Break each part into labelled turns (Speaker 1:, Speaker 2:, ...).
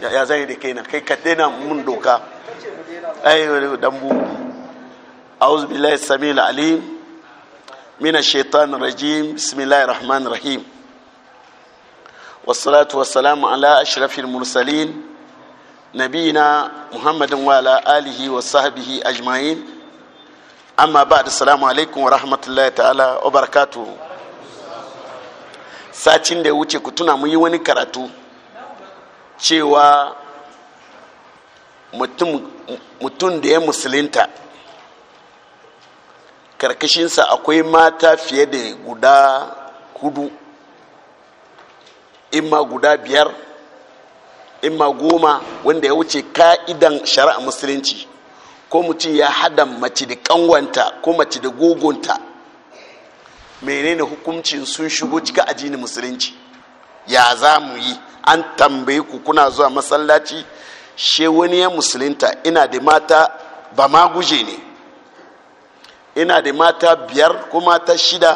Speaker 1: ya zai da kai na kai ka dena mun doka ai wani dan bu auz billahi ashrafil mursalin nabina muhammadin wa ala alihi wa sahbihi ajma'in amma ba da ya wuce ku tuna mu wani karatu cewa mutum da ya musulinta karkashinsa akwai mata fiye da guda hudu imma guda biyar imma goma wanda ya wuce ka'idan shari'a musulunci ko mutum ya hada mace da kanwanta ko mace da gogonta menene hukuncin sun shigo cika ajini musulunci ya za mu yi an tambaye ku kuna zuwa masallaci she wani ya musulunta ina da mata ba ma guje ne ina da mata biyar ko mata shida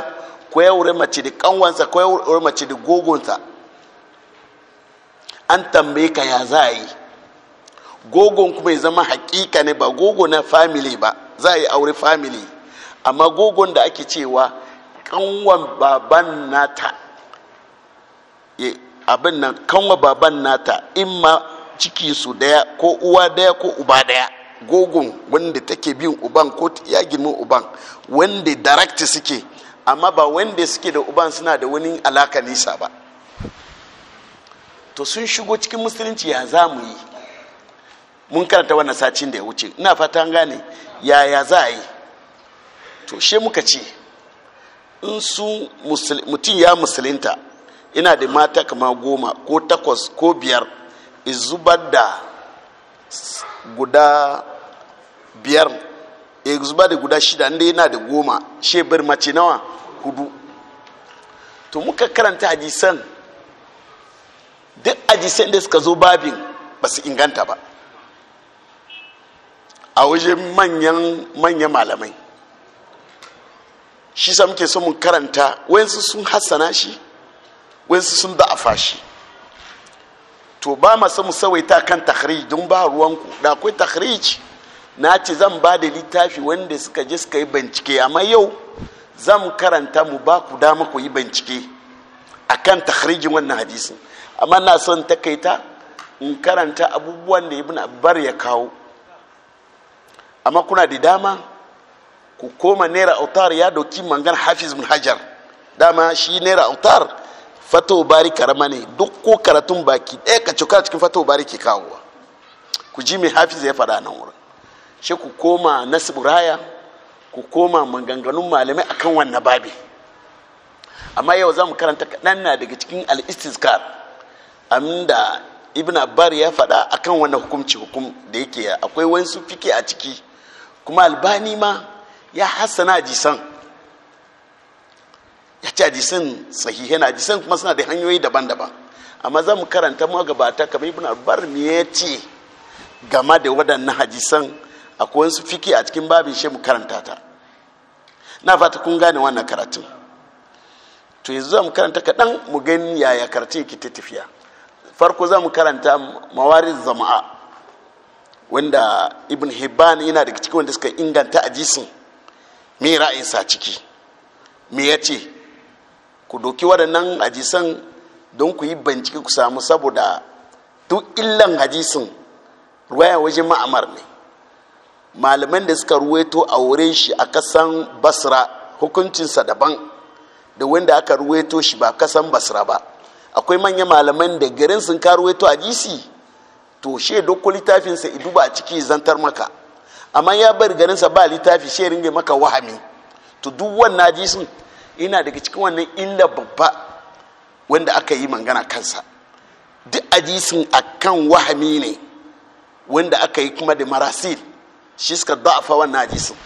Speaker 1: ko ya wuri mace da kanwansa ko ya wuri mace da gogonsa an tambaye ka ya za a yi gogon kuma ya zama hakika ne ba gogo na family ba za a yi aure family amma gogon da ake cewa kanwan baban nata abin nan kanwa baban nata imma ciki su daya ko uwa daya ko uba daya gogon wanda take bin uban ko ya girmin uban wanda direct suke amma ba wanda suke da uban suna da wani alaka nisa ba to sun shigo cikin musulunci ya za mu yi mun karanta wannan sacin da ya wuce ina fatan gane yaya za a yi to she muka ce in su mutum ya musulunta ina da mata kama goma ko takwas ko biyar izubar da guda biyar izubar da guda shida inda yana da goma shebir mace nawa hudu to muka karanta hadisan duk hadisan da suka zo babin ba su inganta ba a wajen manyan manyan malamai shi sa muke so mun karanta wayansu sun hassana shi wasu sun da afashi to ba masu musawaita kan takhrij don ba ruwanku da akwai takhrij na ce zan ba da littafi wanda suka je suka yi bincike amma yau zan karanta mu ba ku dama ku yi bincike akan takhrijin wannan hadisin amma na son takaita in karanta abubuwan da ibn abbar ya kawo amma kuna da dama ku koma naira autar ya doki mangan hafiz bin hajar dama shi naira autar fatawa bari karama ne duk ko karatun baki ɗaya ka cika cikin fatawa bari ke kawowa ku ji mai hafiza ya faɗa nan wurin shi ku koma nasibu raya ku koma maganganun malamai akan wannan babi amma yau za mu karanta kaɗan na daga cikin al'istiskar amma ibn abbar ya faɗa akan wannan hukumci hukum da yake akwai wani su a ciki kuma albani ma ya hassana jisan ya ce sahiha sahihai na hadisan kuma suna da hanyoyi daban-daban amma za mu karanta mu gabata kamar ibn albar me ya ce game da waɗannan hadisan akwai wasu fiki a cikin babin shi mu karanta ta na fata kun gane wannan karatun to yanzu za mu karanta kaɗan mu gani yaya karatun yake ta tafiya farko za mu karanta mawarin zama'a wanda ibn hibban yana da cikin wanda suka inganta hadisin me ra'ayinsa ciki me ya ce ku doki waɗannan hadisan don ku yi bincike ku samu saboda duk illan hadisin ruwaya wajen ma'amar ne malaman da suka ruweto a wurin shi a kasan basra hukuncinsa daban da wanda aka ruweto shi ba kasan basra ba akwai manyan malaman da garin sun ka a hadisi to she dokko littafinsa iduba a ciki zantar maka amma ya bari garinsa ba littafi she ringe maka wahami to duk wannan hadisin ina daga cikin wannan illa babba wanda aka yi mangana kansa duk ajisin kan wahami ne wanda aka yi kuma da marasil shi suka da'afa wannan ajisin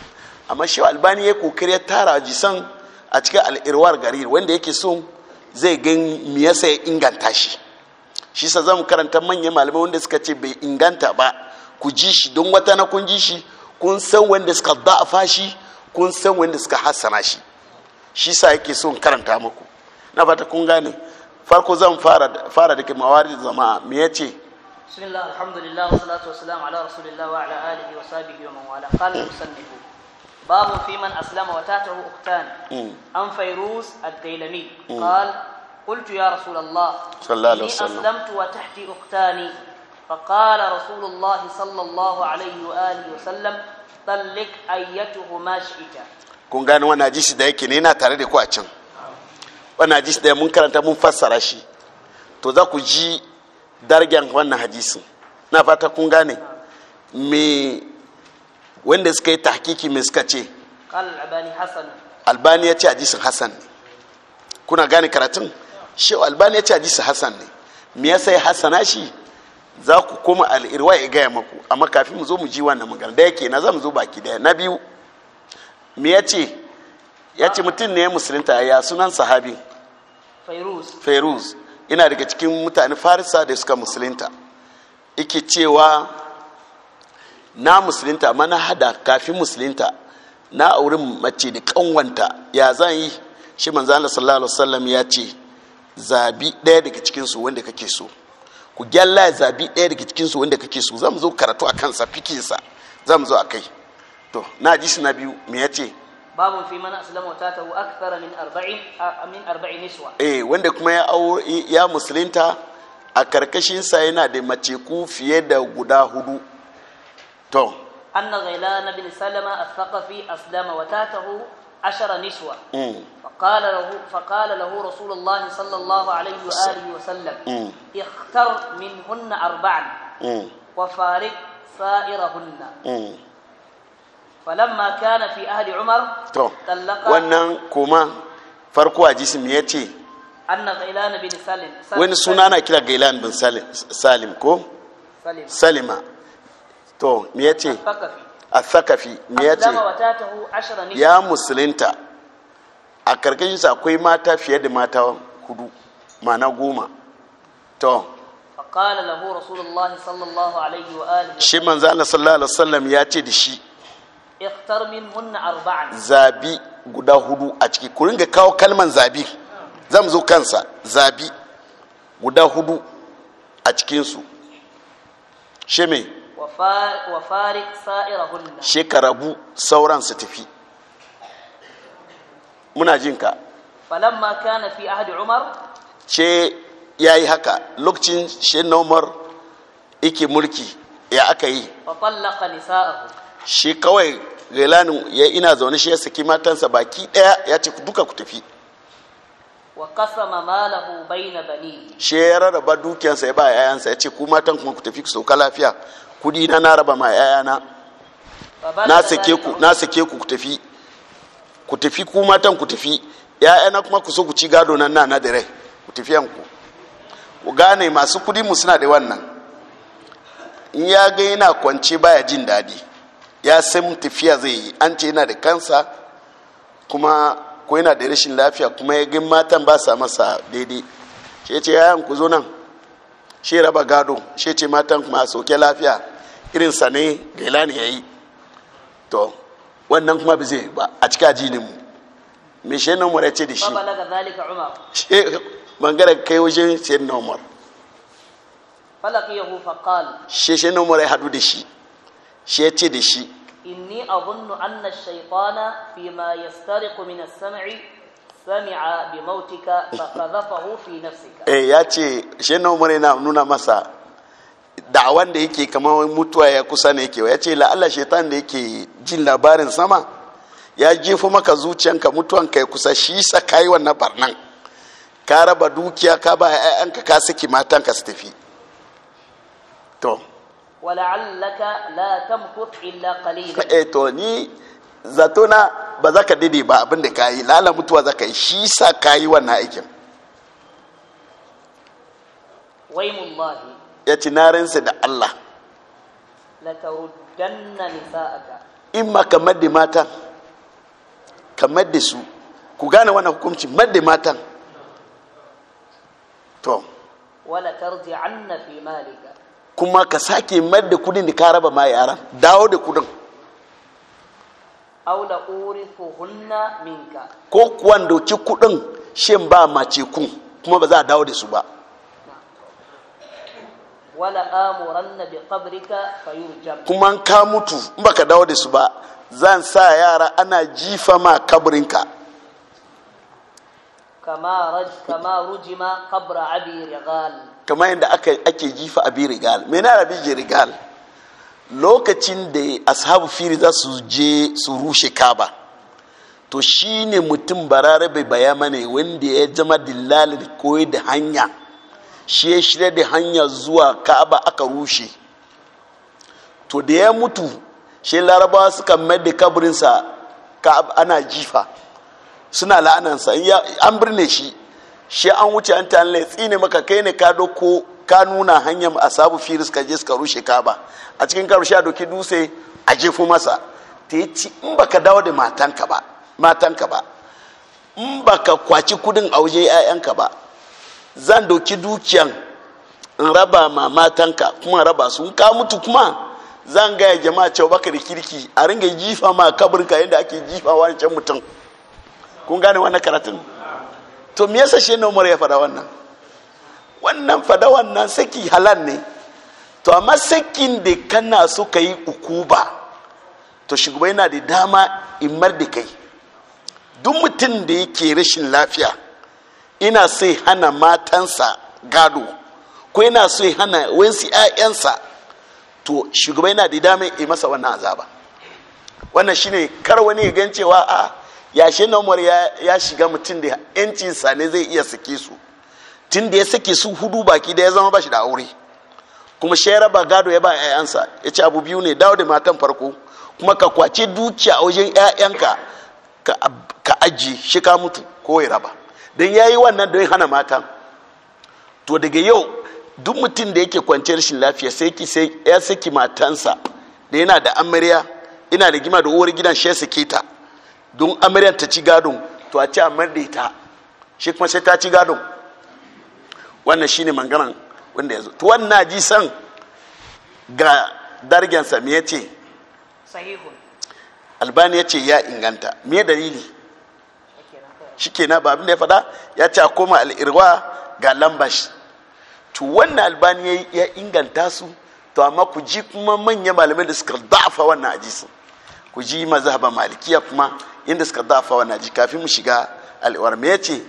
Speaker 1: amma shi albani ya kokari ya tara ajisan a cikin al'irwar gari wanda yake so zai gan me yasa ya inganta shi shi sa zamu karanta manyan malamai wanda suka ce bai inganta ba ku ji shi don wata na kun ji shi kun san wanda suka da'afa shi kun san wanda suka hassana shi shi sa yake son karanta muku na fata kun gane farko zan fara da ke mawari zama me ya ce
Speaker 2: bismillah alhamdulillah salatu wassalamu ala rasulillah wa ala alihi wa sahbihi wa man hmm. babu fi man aslama wa tatahu an قلت يا رسول الله
Speaker 1: صلى الله عليه وسلم أسلمت
Speaker 2: وتحتي أختاني فقال رسول الله صلى الله عليه وآله وسلم طلق أيتهما شئت
Speaker 1: kun gani wani hadisi da yake ne yana tare da ku a can wani hadisi da mun karanta mun fassara shi to za ku ji dargen wannan hadisin na fata kun gane me wanda suka yi tahkiki me suka ce albani ya ce hadisin hassan ne kuna gane karatun shi albani ya ce hadisin hassan ne me ya sai hassana shi za ku koma al'irwa ya gaya maku amma kafin mu zo mu ji wannan magana da yake na za mu zo baki daya na biyu me ya ce ya ce mutum ne musulunta ya sunan sahabi fairuz ina daga cikin mutane farisa da suka musulunta ike cewa na musulunta mana hada kafin musulunta na aurin mace da kanwanta ya zan yi shi manzan Allah sallallahu ya ce zabi ɗaya daga cikin su wanda kake so ku gyalla zabi ɗaya daga cikin su wanda kake so zan zo karatu a kansa fikinsa zan zo a kai to na ji na biyu me ya ce
Speaker 2: babun fi mana aslama ta tahu akthara min arba'in min niswa
Speaker 1: eh wanda kuma ya ya musulunta a karkashin sa yana da mace ku fiye da guda hudu to
Speaker 2: anna na bin salama al-thaqafi aslama wa tahu عشر niswa. فقال له فقال له رسول الله صلى الله عليه min وسلم اختر منهن أربعا وفارق سائرهن falamma kana fi ahli umar
Speaker 1: to wannan kuma farko a jisim ya ce
Speaker 2: wani suna na kira
Speaker 1: gailan bin salim ko salima to me ya ce a thakafi me ya ce ya musulinta a karkashinsa akwai mata fiye da mata hudu mana goma to
Speaker 2: faƙala lahu rasulullahi sallallahu wa alihi
Speaker 1: shi manzo sallallahu alaihi ya ce da shi
Speaker 2: ikhtar min munna arba'an
Speaker 1: zabi guda hudu a ciki ku ringa kawo kalman zabi zan zo kansa zabi guda hudu a cikin su she me
Speaker 2: wa farik sa'irahunna
Speaker 1: she karabu sauran su tafi muna jinka
Speaker 2: falamma kana fi ahdi umar
Speaker 1: she yayi haka lokacin she na umar yake mulki ya aka yi
Speaker 2: fa tallaqa nisa'ahu
Speaker 1: shi kawai gailanin ya ina zaune shi ya saki matansa baki daya ya ce duka ku tafi
Speaker 2: wa baina
Speaker 1: shi ya rarraba dukiyansa ya ba yayansa ya ce ku matan kuma ku tafi ku sauka lafiya kudi na na raba ma yayana na sake ku na sake ku ku tafi ku tafi ku matan ku tafi yayana kuma ku so ku ci gado nan na na da rai ku tafi yanku ku gane masu kudi mu suna da wannan in ya ga yana kwance baya jin daɗi ya san tafiya zai yi an ce yana da kansa kuma ko yana da rashin lafiya kuma ya gin matan ba sa masa daidai shi ce yayan ku zo nan shi raba gado shi ce matan kuma a soke lafiya irin sa ne gaila ne ya yi to wannan kuma bai zai ba a cika jinin mu me shi nan mura ce da shi
Speaker 2: shi
Speaker 1: bangaren kai wajen shi na umar shi shi nan mura ya hadu da shi shi ya ce da shi
Speaker 2: inni azunnu anna ash-shaytana fima yastariqu min as-sam'i sami'a bi mautika fa fi nafsika
Speaker 1: eh yace shenan umar yana nuna masa da'awan da yake kamar mutuwa ya kusa ne yake ya ce la'alla shaitan da yake jin labarin sama ya jefo maka zuciyanka mutuwan kai kusa shi sa kayi wannan barnan ka raba dukiya ka ba 'ya'yanka ka saki ka su tafi to
Speaker 2: wala'allaka la tamkut illa qalila
Speaker 1: eh to ni zato na ba za ka dide ba abin da yi, lala mutuwa za ka yi shi sa kayi wannan aikin
Speaker 2: Mahi.
Speaker 1: ya ci narinsa da Allah
Speaker 2: la taruddanna nisa'aka
Speaker 1: in ma ka madde matan ka madde su ku gane wannan hukunci madde mata to
Speaker 2: wala tarji'anna fi malika
Speaker 1: kuma ka sake mai da kudin da ka raba ma yaran dawo da kudin minka ko kuwa doki kudin shin ba mace ku kuma ba za a dawo da su ba
Speaker 2: wala amuranna
Speaker 1: kuma ka mutu in ka dawo da su ba zan sa yara ana jifa ma kabrinka
Speaker 2: kama rujima Kabra, abi rigal
Speaker 1: kamar yadda ake jifa a rigal mena rabi rigal lokacin da ashabu fili za su je su rushe kaba to shi ne mutum barare bai bayama ne wanda ya zama dillalin koyi da hanya shi ya shirya da hanya zuwa kaba aka rushe to da ya mutu shi larabawa suka mai da kaburinsa ana jifa suna la'anansa an birne shi shi an wuce an ta Allah tsine maka kai ne ka doko ka nuna hanyar a sabu firis ka je suka rushe ka ba a cikin karshe a doki dutse a jefu masa ta yi ci in baka dawo da matanka ba matanka ba in baka kwaci kudin a waje ka ba zan doki dukiyan in raba ma matanka kuma raba su ka mutu kuma zan gaya jama'a cewa baka da kirki a ringa jifa ma kaburka yadda ake jifa can mutum kun gane wannan karatun to me yasa shi na umar ya fada wannan wannan fada wannan saki halal ne to amma sakin da kana so ka yi ukuba to shugaba yana da dama imar da kai duk mutum da yake rashin lafiya ina sai hana matansa gado ko yana so ya hana wasu 'ya'yansa to shugaba yana da dama in masa wannan azaba wannan shine kar wani ya gan cewa aa yashe na ya shiga mutum da yancinsa ne zai iya sake su tun da ya sake su hudu baki da ya zama ba shi da aure kuma shayar ba gado ya ba 'ya'yansa ya ce abu biyu ne dawo da matan farko kuma ka kwace dukiya a wajen 'ya'yanka ka aji shi ka mutu ko ya raba don ya yi wannan don hana matan to daga yau duk mutum da yake kwance rashin lafiya sai ya saki matansa da yana da amarya ina da gima da uwar gidan shi ya sake ta don amaryan ta ci gadon to a ci a mar da ita shi kuma sai ta ci gadon wannan shine manganan wanda ya zo to wannan ji san ga dargensa me ya ce albani ya ce ya inganta me dalili shi na ba abin da ya fada ya ce a koma al'irwa ga lambashi to wannan albani ya inganta su to amma ku ji kuma manyan malamai da suka dafa wannan hadisin ku ji mazhaban malikiya kuma inda suka dafa wa naji kafin mu shiga al'uwar me yace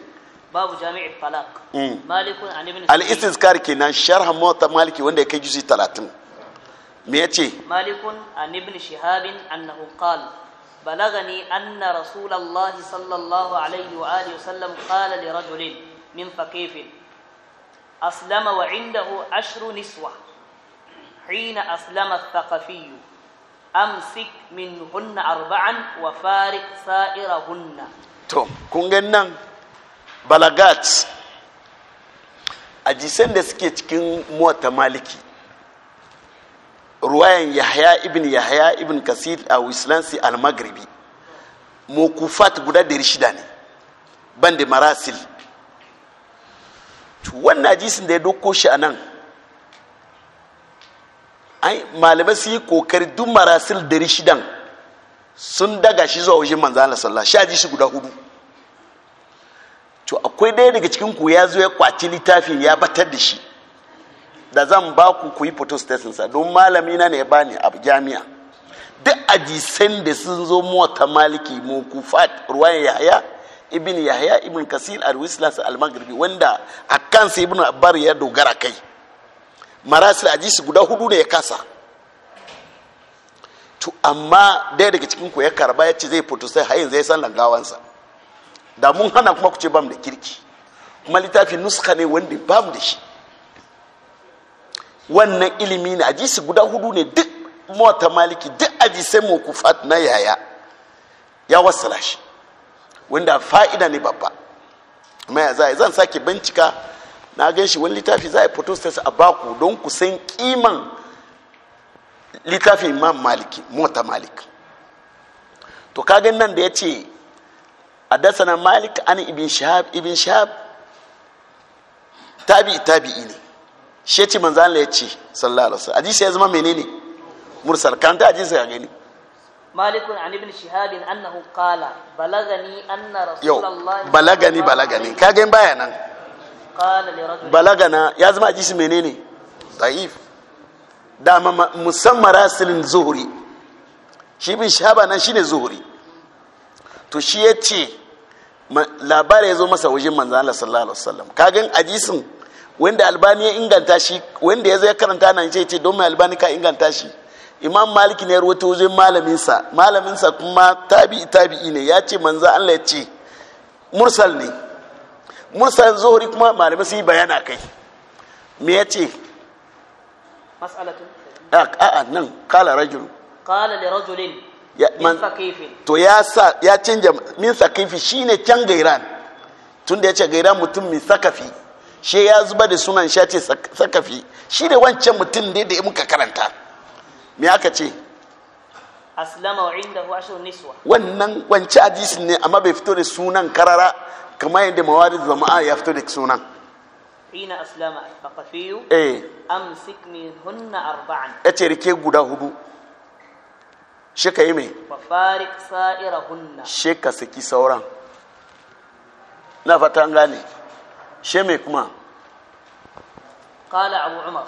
Speaker 2: babu jami'in falak mm. malikun an ibn al-istizkar
Speaker 1: kenan sharh mota maliki wanda ya kai juzi 30 me yace
Speaker 2: malikun an ibn shihab annahu balagani anna rasulullahi sallallahu alaihi wa alihi qala li rajulin min faqifin aslama wa indahu ashru niswa حين أسلم الثقفي amsik min hunna arba'an wa farik sa'ira hunna
Speaker 1: to kun nan balagat ajisan da suke cikin mota maliki ruwayan yahya ibn yahya ibn kasir a wislansi al-maghribi mokufat guda dari shida ne ban da marasil wannan ajisin da ya doko shi a nan malamai su yi kokari duk marasil dari shidan sun daga shi zuwa wajen Allah sallah sha ji shi guda hudu to akwai ɗaya daga cikin ku ya zo ya kwaci littafin ya batar da shi da zan ba ku ku yi sa don malami na ne ba ni a jami'a duk ajisan da sun zo mota maliki mu fat ruwan yahaya ibn yahaya ibn kasir al-wislas al-maghribi wanda akan sai ibn abbar ya dogara kai marasil ajisi guda hudu ne ya kasa to amma daya daga cikin ku ya karba ya ce zai fito sai hayin zai san langawansa da mun hana kuma ku ce bam da kirki kuma littafi nuska ne wanda bam da shi wannan ilimi ne hadisi guda hudu ne duk mota maliki duk ku mokufat na yaya ya wasala shi wanda fa'ida ne babba amma ya zan sake bincika na gan shi wani littafi za a yi sai a baku don ku san kiman littafin imam maliki mota malik to kagan nan da ya ce na malik an ibin shahab ibin shahab tabi tabi'i ne shi ya ce manzo Allah ya ce sallallahu alaihi wasallam hadisi ya zama menene mursal kan ta hadisi ga gani
Speaker 2: مالك عن ابن شهاب انه قال بلغني ان رسول الله بلغني بلغني
Speaker 1: كاجن bayanan. balagana ya zama hadisi menene da'if dama musamman rasilin zuhuri shi bin shaba nan shine zuhuri to shi ya ce labarai ya zo masa wajen manzan Allah sallallahu alaihi wasallam kagan hadisin wanda albani ya inganta shi wanda ya zai karanta nan ce ce don mai albani ka inganta shi imam maliki ne ruwata wajen malaminsa malaminsa kuma tabi'i tabi'i ne ya ce manzan Allah ya ce mursal ne musan zuhuri kuma malamai su yi bayana kai me ya ce a'a nan kala rajul
Speaker 2: kala da rajulin min sakifin
Speaker 1: to ya sa ya canja min sakifi shine can gairan tun da ya ce gairan mutum min sakafi shi ya zuba da sunan shi ce sakafi shi ne wancan mutum ne da muka karanta me aka ce
Speaker 2: aslama wa indahu ashrun niswa
Speaker 1: wannan wancan hadisin ne amma bai fito da sunan karara kamar yadda mawarid a ya fito da sunan
Speaker 2: ina aslama al-thaqafiyu eh amsik hunna arba'an
Speaker 1: ce rike guda hudu shi ka yi mai
Speaker 2: fafarik hunna
Speaker 1: shi ka saki sauran na fata an gane shi mai kuma
Speaker 2: kala abu umar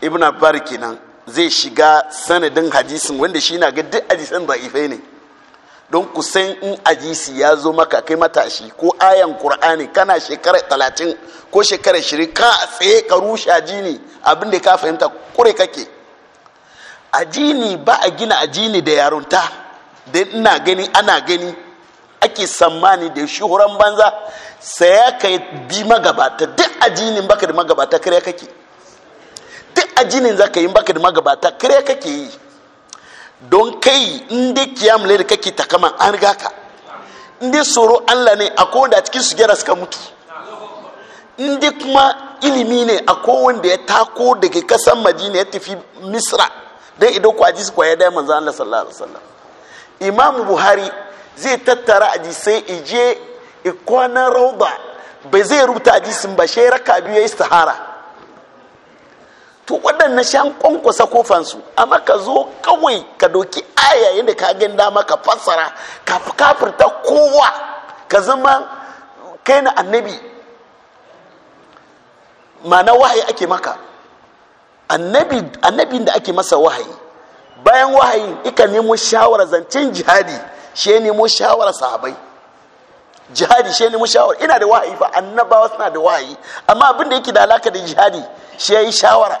Speaker 1: ibn abbar kenan zai shiga sanadin hadisin wanda shi na ga duk hadisan da'ifai ne don ku san in ajisi ya zo maka kai matashi ko ayan qur'ani kana shekara talatin ko shekara shirin ka tsaye ka rushe ajini abin ka fahimta kure kake ajini ba a gina ajini da yarunta da ina gani ana gani ake sammani da shuhuran banza sai ya kai bi magabata duk ajini baka da magabata kare kake duk ajinin za ka yi baka da magabata kare kake yi don kai inda kiyam da kake takaman an riga ka inda tsoro allah ne a kowanda a cikin su gyara suka mutu inda kuma ilimi ne a kowanda ya tako daga kasan madina ya tafi misra don idan ku ajiyar kwaya da manzo allah sallallahu alaihi wasallam imamu buhari zai tattara a ajisai ije ikwanan rauda bai zai rubuta jisun ba shi raka biyu ya yi sahara to waɗannan shan kwankwasa kofansu amma ka zo kawai ka doki aya yadda ka gan dama ka fassara ka kafirta kowa ka zama kai na annabi ma'ana wahayi ake maka annabin da ake masa wahayi bayan wahayi ika nemo shawara zancen jihadi shi ya nemo shawara sahabai jihadi shi ne mushawar ina da wahayi ba annabawa suna da wahayi amma abin da yake da alaka da jihadi shi yayi shawara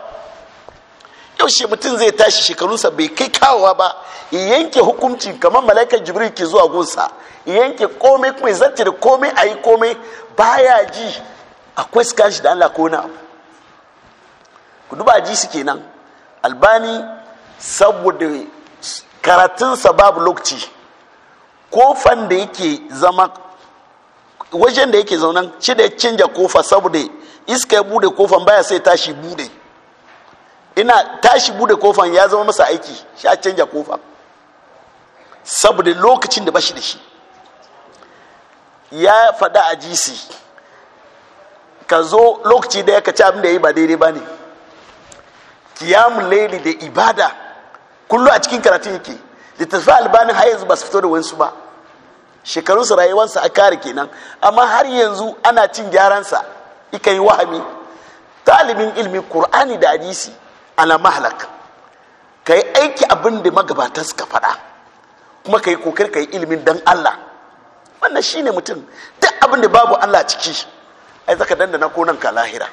Speaker 1: yau shi mutum zai tashi shekarunsa bai kai kawowa ba yanke hukunci kamar malaikar jibril ke zuwa gunsa yanke komai kuma zati da komai ayi yi komai baya ji akwai skanshi da allah ko na ku duba ji su kenan albani saboda karatunsa babu lokaci kofan da yake zama wajen da yake zaunan shi da ya canja kofa saboda iska ya bude kofan baya sai tashi bude ina tashi bude kofan ya zama masa aiki shi a canja kofa saboda lokacin da bashi da shi ya faɗa a jisi ka zo lokaci da ya ka ci abin da ya yi ba daidai ba ne kiyamun laili da ibada kullu a cikin karatun yake tafi albanin har yanzu ba su fito da wansu ba shekarunsa rayuwarsa a kare kenan amma har yanzu ana cin gyaransa ika yi wahami talibin ilmi qur'ani da hadisi ala mahlak ka aiki abin da magabata suka faɗa kuma ka yi kokar ka yi ilimin dan allah wannan shine mutum duk abin da babu allah ciki ai zaka dandana ko nan ka lahira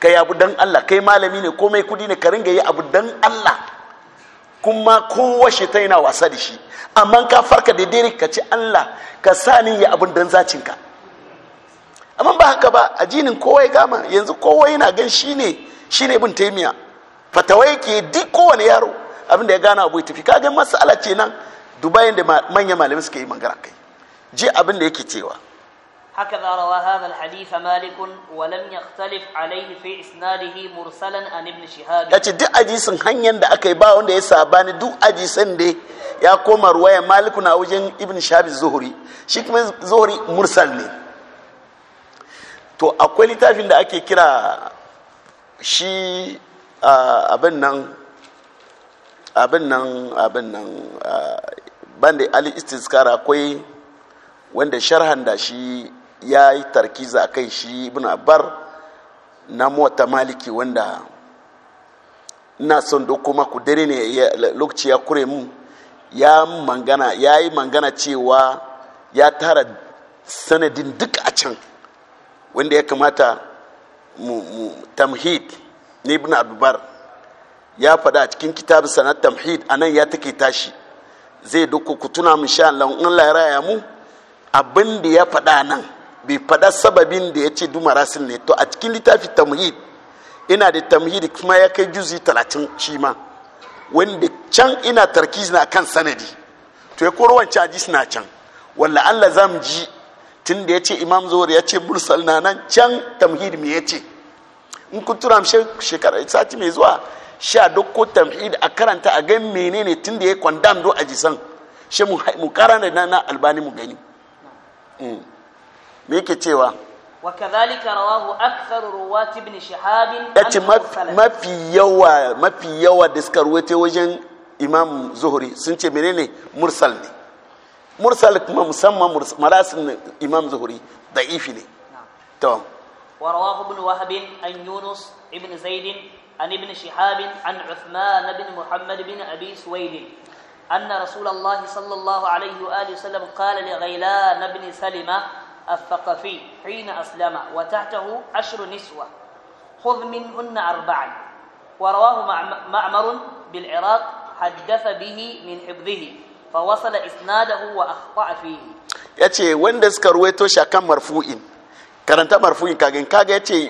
Speaker 1: ka abu dan allah kai malami ne komai kudi ne ka ringa yi abu dan allah kuma kowa shi ta yana wasa da shi amma ka farka da dare ka ci allah ka sa ni ya abin dan ka amma ba haka ba a jinin kowa ya gama yanzu kowa yana gan shi ne shi ne bin taimiya fatawai ke duk kowane yaro abin da ya gana abu ya tafi kagan masala ce nan dubayin da manyan malamai suka yi magana kai je abin da yake cewa
Speaker 2: هكذا روى هذا الحديث مالك ولم يختلف عليه في اسناده مرسلا عن ابن شهاب yace duk
Speaker 1: hadisin hanyar da aka yi ba wanda ya sabani duk hadisin da ya koma ruwaya malik na wajen ibn shahab zuhri shi kuma zuhri mursal ne to akwai littafin da ake kira shi abin nan abin nan abin nan banda ali istiskara akwai wanda sharhan da shi ya yi tarkiza kai shi ibn bar na mota maliki wanda ina son da kuma dare ne lokaci ya kure mu ya mangana ya yi mangana cewa ya tara sanadin duk a can wanda ya kamata mu tamhid ne ibn abubar ya fada a cikin kitab sanar tamhid a nan ya take tashi zai doko ku tuna mu sha Allah in Allah ya mu abin da ya faɗa nan bai faɗa sababin da ya ce marasin ne to a cikin littafi tamhid ina da tamhid kuma ya kai juzi talatin shi ma wanda can ina tarkiz na kan sanadi to ya koro wancan hadis na can walla Allah zam ji tun da ya ce imam zuwar yace ce mursal na nan can tamhid me ya ce in ku tura shekara sati mai zuwa sha dokko tamhid a karanta a gan menene tun da ya kwandam do a jisan shi mu karanta na albani mu gani hmm. me yake cewa
Speaker 2: wa kadhalika rawahu akthar ruwat ibn shihab yace
Speaker 1: mafi yawa mafi yawa da suka ruwaito wajen imam zuhri sun ce menene mursal ne mursal kuma musamman marasin imam zuhri da'ifi ne to
Speaker 2: wa rawahu ibn wahb an yunus ibn zaid an ibn shihab an uthman ibn muhammad ibn abi suwaid anna rasulullahi sallallahu alayhi wa alihi wasallam qala li ghailan salima الثقفي حين أسلم وتحته عشر نسوة خذ منهن أربعا ورواه معمر بالعراق حدث به من حفظه فوصل إسناده وأخطأ فيه
Speaker 1: yace wanda suka ruwaito shi akan marfu'in karanta marfu'in kaga kaga yace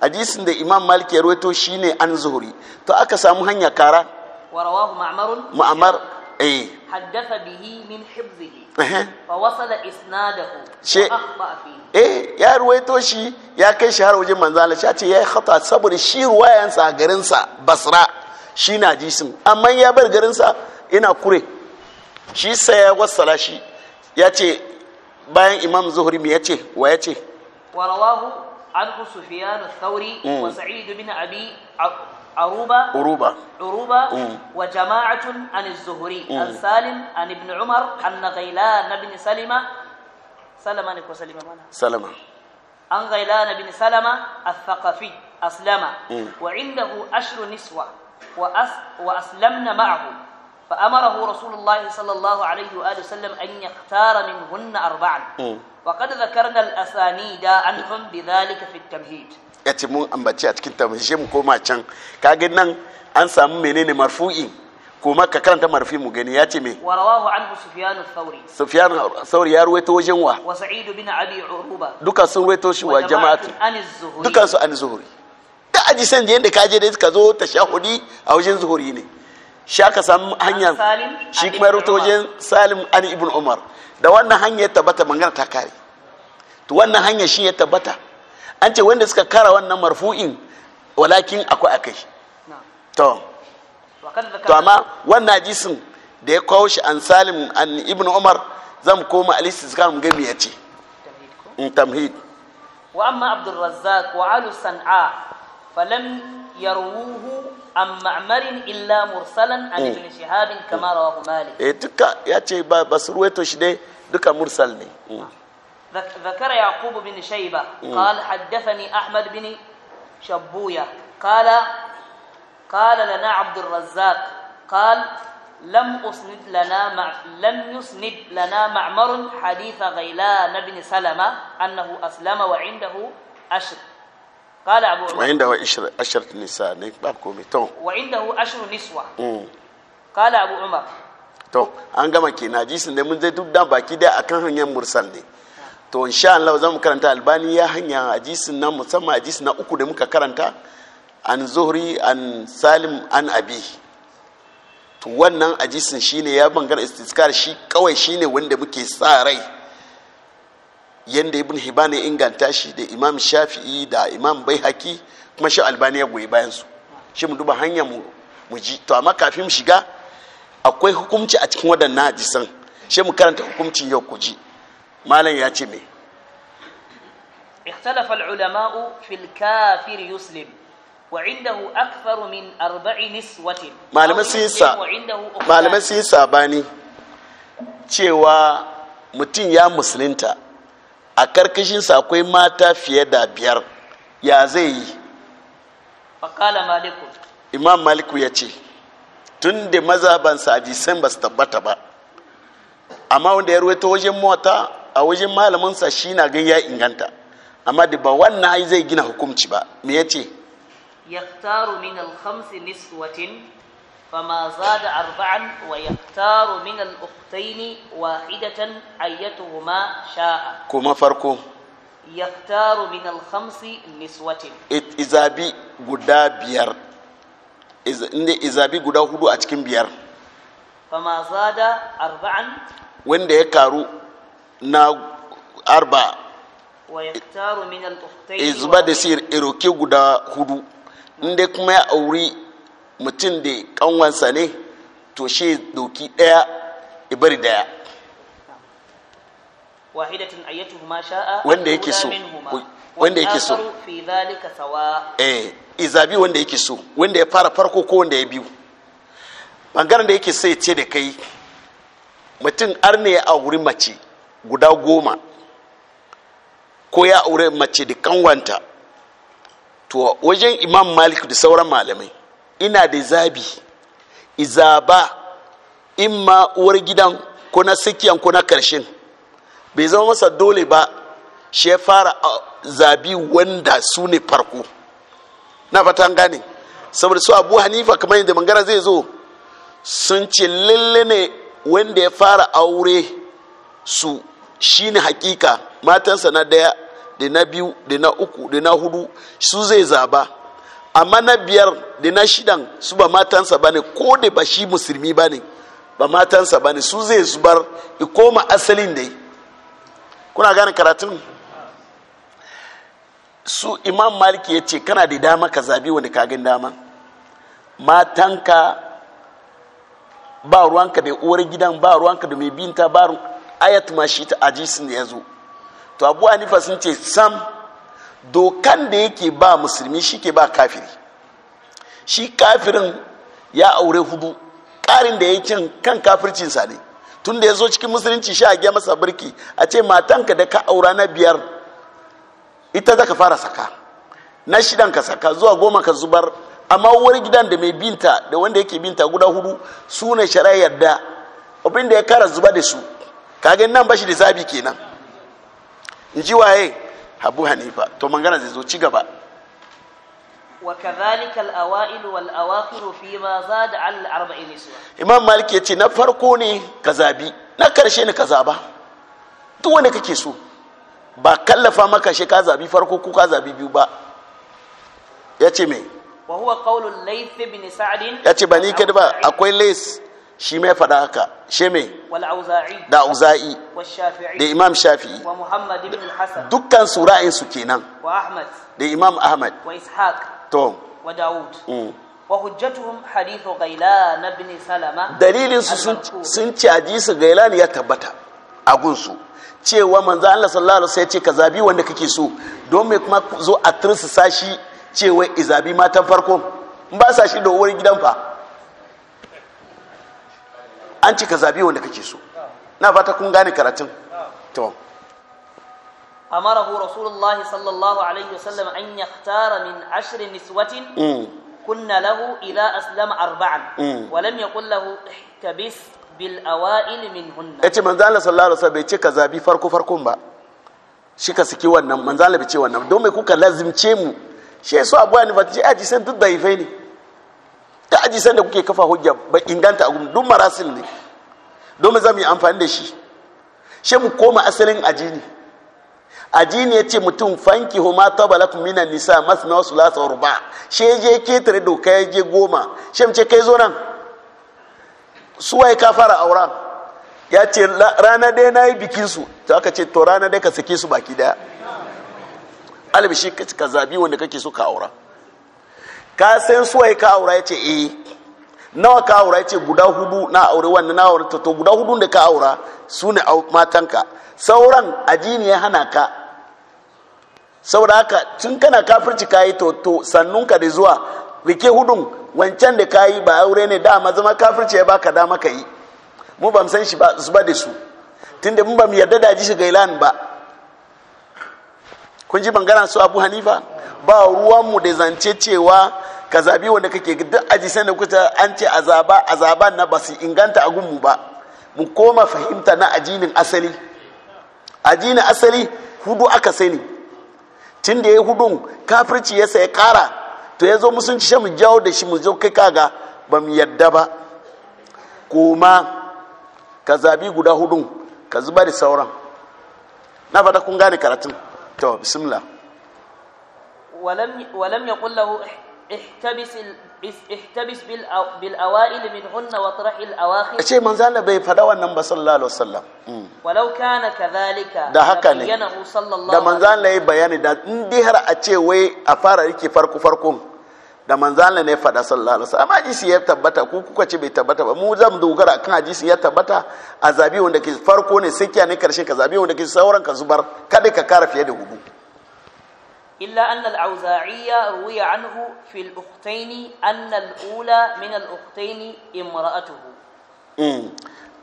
Speaker 1: hadisin da Imam Malik ya ruwaito shine an zuhuri to aka samu hanya kara
Speaker 2: wa rawahu ma'mar ma'mar eh haddatha bihi min hifzihi
Speaker 1: ya ruwaito shi ya kai shi har wajen manzala shi ce yayi hata saboda shi ruwayansa a garinsa basra shi na sun amma ya bar garinsa ina kure shi sai ya wasala shi ya ce bayan imam zuhri me ya ce wa ya ce
Speaker 2: warawahu an kusufiya da sauri. wa bin abi عروبة عروبة عروبة وجماعة عن الزهري عن سالم عن ابن عمر عن غيلان بن سلمة سلمة نكو سلمة مانا سلمة عن غيلان بن سلمة الثقفي أسلم وعنده أشر نسوة وأس وأسلمن معه فأمره رسول الله صلى الله عليه وآله وسلم أن يختار منهن أربعا وقد ذكرنا الأسانيد عنهم بذلك في التمهيد
Speaker 1: ya ce mun ambaci a cikin tamashe mu koma can ga nan an samu menene marfu'i ko ka karanta marfi mu gani ya ce me
Speaker 2: warawahu an sufyan thawri
Speaker 1: sufyan thawri ya ruwaito wajen wa
Speaker 2: wa sa'id bin abi uruba
Speaker 1: duka sun ruwaito shi wa jama'atu duka su an zuhuri da aji san je inda ka je da ka zo ta shahudi a wajen zuhuri ne shi aka samu hanya
Speaker 2: shi kuma ruwaito
Speaker 1: wajen salim an ibn umar da wannan hanya ya tabbata magana ta kare to wannan hanya shi ya tabbata an ce wanda suka kara wannan marfu'in walakin akwai akai to to amma wannan hadisin da ya kawo shi an salim an ibn umar zan koma alisti su mu gami ya ce in mm, tamhid
Speaker 2: wa amma abdul razzaq wa alu san'a falam yarwuhu an ma'marin illa mursalan an ibn mm. shihabin kama rawahu malik
Speaker 1: eh duka ya ce ba su ruwaito shi dai duka mursal ne mm.
Speaker 2: ذكر يعقوب بن شيبة قال حدثني أحمد بن شبوية قال قال لنا عبد الرزاق قال لم أسند لنا مع لم يسند لنا معمر حديث غيلان بن سلمة أنه أسلم وعنده أشر قال أبو عبد وعنده
Speaker 1: أشر أشر النساء نيك بابكو ميتون
Speaker 2: وعنده أشر نسوة قال أبو عمر
Speaker 1: to an gama kenan hadisin da mun zai duk dan baki da akan hanyar mursal ne to insha Allah zamu karanta albani ya hanya hadisin nan musamman hadisi na uku da muka karanta an zuhri an salim an abi to wannan hadisin shine ya bangar istiskar shi kawai shine wanda muke sa rai yanda ibn hibani inganta shi da imam shafi'i da imam baihaqi kuma shi albani ya goyi bayan su shi mu duba hanya mu ji to amma kafin mu shiga akwai hukunci a cikin waɗannan hadisan shi mu karanta hukuncin yau ku ji malam ya ce me
Speaker 2: ikhtalafa al-ulama'u fil kafir yuslim wa 'indahu akthar min arba'i niswatin
Speaker 1: malamai sun sa malamai sun sabani cewa mutum ya musulunta a karkashin sa akwai mata fiye da biyar ya zai yi
Speaker 2: faqala malik
Speaker 1: imam malik ya ce tun da mazaban sa ba su tabbata ba amma wanda ya ruwaito wajen mota a wajen malaminsa shi na gan ya inganta amma da ba wannan ai zai gina hukunci ba me ya ce
Speaker 2: yaktaru min alhamsi niswatin fama zada arba'an wa yaktaru min al-ukhtaini wahidatan ayyatuhuma sha'a
Speaker 1: kuma farko
Speaker 2: yaktaru min alhamsi niswatin
Speaker 1: izabi guda biyar inda izabi guda hudu a cikin biyar
Speaker 2: fama zada arba'an
Speaker 1: wanda ya karu na arba izuba eh, da sir iroke eh, guda hudu inda kuma ya auri mutum da kanwansa ne to she doki daya ibari daya
Speaker 2: wanda yake so
Speaker 1: wanda yake so eh izabi wanda yake so wanda ya fara farko ko wanda ya biyu bangaren da yake sai ce da kai mutum arne ya auri mace guda goma ko ya aure mace da kanwanta to wajen imam malik da sauran malamai ina da zabi izaba in ma uwar gidan ko na sikiyan ko na karshen bai zama masa dole ba shi ya fara zabi wanda su ne farko na fatan gane saboda su abu hanifa kamar yadda mangara zai zo sun ce lalle ne wanda ya fara aure su shi ne hakika matansa na daya da na biyu da na uku da na hudu su zai zaba amma na biyar da na shidan su ba matansa ne ko da ba shi musulmi ne ba matansa ne su zai zubar i koma asalin da kuna gane karatun su imam maliki ya ce kana da dama ka zabi wani kagin dama matanka ba ruwanka da uwar gidan ba ruwanka da mai binta ba ayat ma shi ta ajisin da ya zo to abu hanifa sun ce sam dokan da yake ba musulmi shi ke ba kafiri shi kafirin ya aure hudu ƙarin da ya cin kan kafircinsa ne tun da ya zo cikin musulunci shi a gya masa birki a ce matanka da ka aura na biyar ita za ka fara saka na shidan ka saka zuwa goma ka zubar amma wani gidan da mai binta da wanda yake binta guda hudu su ne shari'a yarda abin da ya kara zuba da su kaga nan bashi da zabi kenan in ji waye abu hanifa to mangana zai zo ci gaba
Speaker 2: وكذلك الاوائل والاواخر فيما زاد على arba'in نسوه
Speaker 1: امام maliki yace na farko ne kazabi na karshe ne kazaba duk wanda kake so ba kallafa maka shi ka zabi farko ko ka zabi biyu ba yace me
Speaker 2: wa huwa qawlu layth ibn sa'd yace bani
Speaker 1: kad ba akwai lays shi mai faɗa haka shi mai da uza'i da imam shafi'i dukkan su kenan da imam ahmad to wa dawud mm. sun ci hadisu gailan ya tabbata a gunsu cewa manzo Allah sallallahu alaihi wasallam ya ce ka zabi wanda kake so don me kuma zo a tursa sashi cewa izabi matan farko in ba sa shi da uwar gidan fa an ci ka zabi wanda kake so na fata kun gane karatun to
Speaker 2: amarahu rasulullahi sallallahu alaihi wasallam an yaktara min ashirin niswatin kunna lahu ila aslam arba'an wa lam yaqul lahu ihtabis bil awail hunna yace
Speaker 1: manzo Allah sallallahu alaihi wasallam bai ce ka zabi farko farkon ba shi ka saki wannan manzo Allah bai ce wannan don mai kuka lazimce mu shi so abu ya ni fata ji aji san duk daifai ne ta aji sanda kuke kafa hujja ba inganta agun duk marasil ne domin za mu yi amfani da shi shi mu koma asalin ajini ajini ya ce mutum fanki huma tabalakum minan nisa masna wasu lasa ruba shi ya je ketare doka ya je goma shi mu ce kai zo nan suwaye ka fara auren ya ce rana dai na yi su ta aka ce to rana dai ka sake su baki daya alibi shi ka zabi wanda kake so ka aura ka san suwaye ka aura ya ce eh nawa ka aura ya ce guda hudu na aure wannan na aure to guda hudu da ka aura su ne matanka sauran ajini ya hana ka saboda haka tun kana kafirci ka yi to sannunka da zuwa rike hudun wancan da ka yi ba aure ne dama zama kafirci ya baka dama ka yi mu ba san shi ba da su tunda mu ba mu yarda da ji shi gailan ba kun ji bangaren su abu hanifa ba ruwanmu da zance cewa ka zabi wanda kake duk ajisan da kuta an ce azaba azaba na ba inganta a gunmu ba mu koma fahimta na ajinin asali ajinin asali hudu aka sani tun da ya hudun kafirci ya sai kara to ya zo musunci shi mu jawo da shi mu zo kai kaga ba mu yadda ba koma ka zabi guda hudun ka zuba da sauran na fata kun gane karatun to bismillah
Speaker 2: ولم ولم يقل ihtabis ihtabis bil bil awail minhunna wa tarah awakhir ce manzo
Speaker 1: Allah bai fada wannan ba sallallahu alaihi wasallam
Speaker 2: walau kana kadhalika da haka ne da manzo
Speaker 1: Allah ya bayani da in har a ce wai a fara yake farko farkon da manzala ne faɗa sallallahu alaihi wasallam hadisi ya tabbata ku kuka ce bai tabbata ba mu zan dogara kan hadisi ya tabbata a zabi wanda ke farko ne sikiya ne karshe ka zabi wanda ke sauran ka zubar kada ka kara fiye da hudu
Speaker 2: illa anna al auzaiyya ruwiya anhu fi al-ukhtayn anna al-ula min al-ukhtayn imra'atuhu
Speaker 1: mm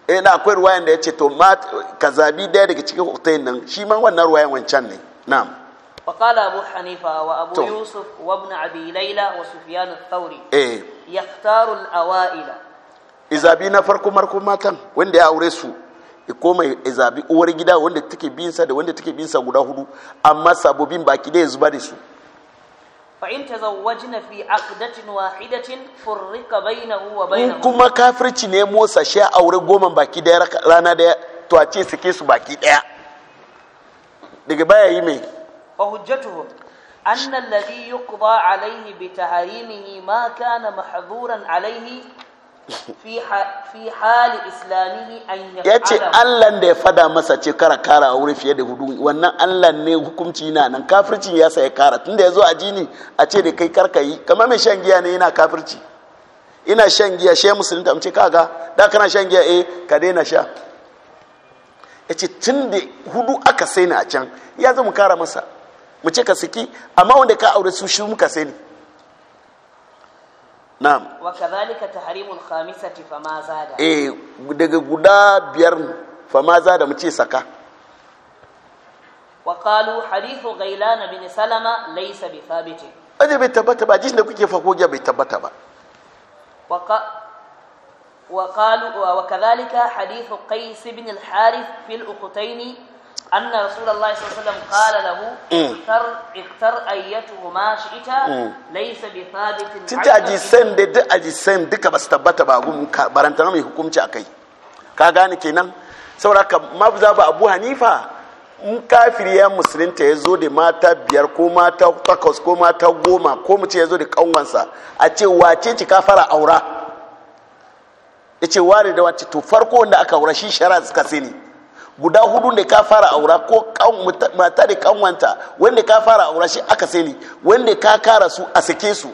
Speaker 1: eh na akwai ruwayan da yace to ma ka zabi daya daga cikin ukhtayn nan shi ma wannan ruwayan wancan ne na'am
Speaker 2: وقال أبو حنيفة وأبو طب. يوسف وابن أبي ليلى وسفيان الثوري إيه. يختار الأوائل
Speaker 1: إذا بينا فرقو مركو ماتن وين دي أوريسو koma ya zabi uwar gida wanda binsa da wanda take binsa guda hudu amma sababin baki da zuba da su
Speaker 2: fa'in ta zawajina fi aqdatin wahidatin furrika bai wa bainahu
Speaker 1: kuma kafirci ne motsa sha aure goma baki daya rana daya to a ce sake su baki daya daga baya yi mai
Speaker 2: وهجتهم أن الذي يقضى عليه بتحريمه ما كان محظورا عليه fi hali islamihi an ya ce allan
Speaker 1: da ya fada masa ce kara kara a wuri fiye da hudu wannan Allah ne hukunci na nan kafircin ya sa ya kara tunda ya zo a jini a ce da kai karka yi kamar mai shan giya ne yana kafirci ina shan giya shi musulun ta amce kaga da kana shan giya eh ka daina sha ya ce tun da hudu aka sai ni a can ya zo mu kara masa mu ce ka siki amma wanda ka aure su shi muka sani na'am
Speaker 2: wa kadhalika tahrimul khamisati fama zada eh
Speaker 1: daga guda biyar fama zada mu ce saka
Speaker 2: wa qalu hadithu ghailan bin salama laysa bi thabit
Speaker 1: aje bai tabbata ba jin da kuke fako ga bai tabbata ba
Speaker 2: wa وقالوا وكذلك حديث قيس بن الحارث في الأختين أن رسول الله صلى الله عليه وسلم قال له اختر اختر أيتهما شئت ليس بثابت تنتا
Speaker 1: أجسام دي دي أجسام دي كبستبت باقوم برانتنا مي حكوم شاكي كاغاني كينان sauraka mabza ba abu hanifa in kafiri ya musulunta ya zo da mata biyar ko mata takwas ko mata goma ko mu ce ya zo da kanwansa a ce wace ci ka fara aura ya ce ware da wace to farko wanda aka aura shi shara suka ne. guda hudu da ka fara aura ko mata da kanwanta wanda ka fara aura shi aka sani wanda ka kara su a sake su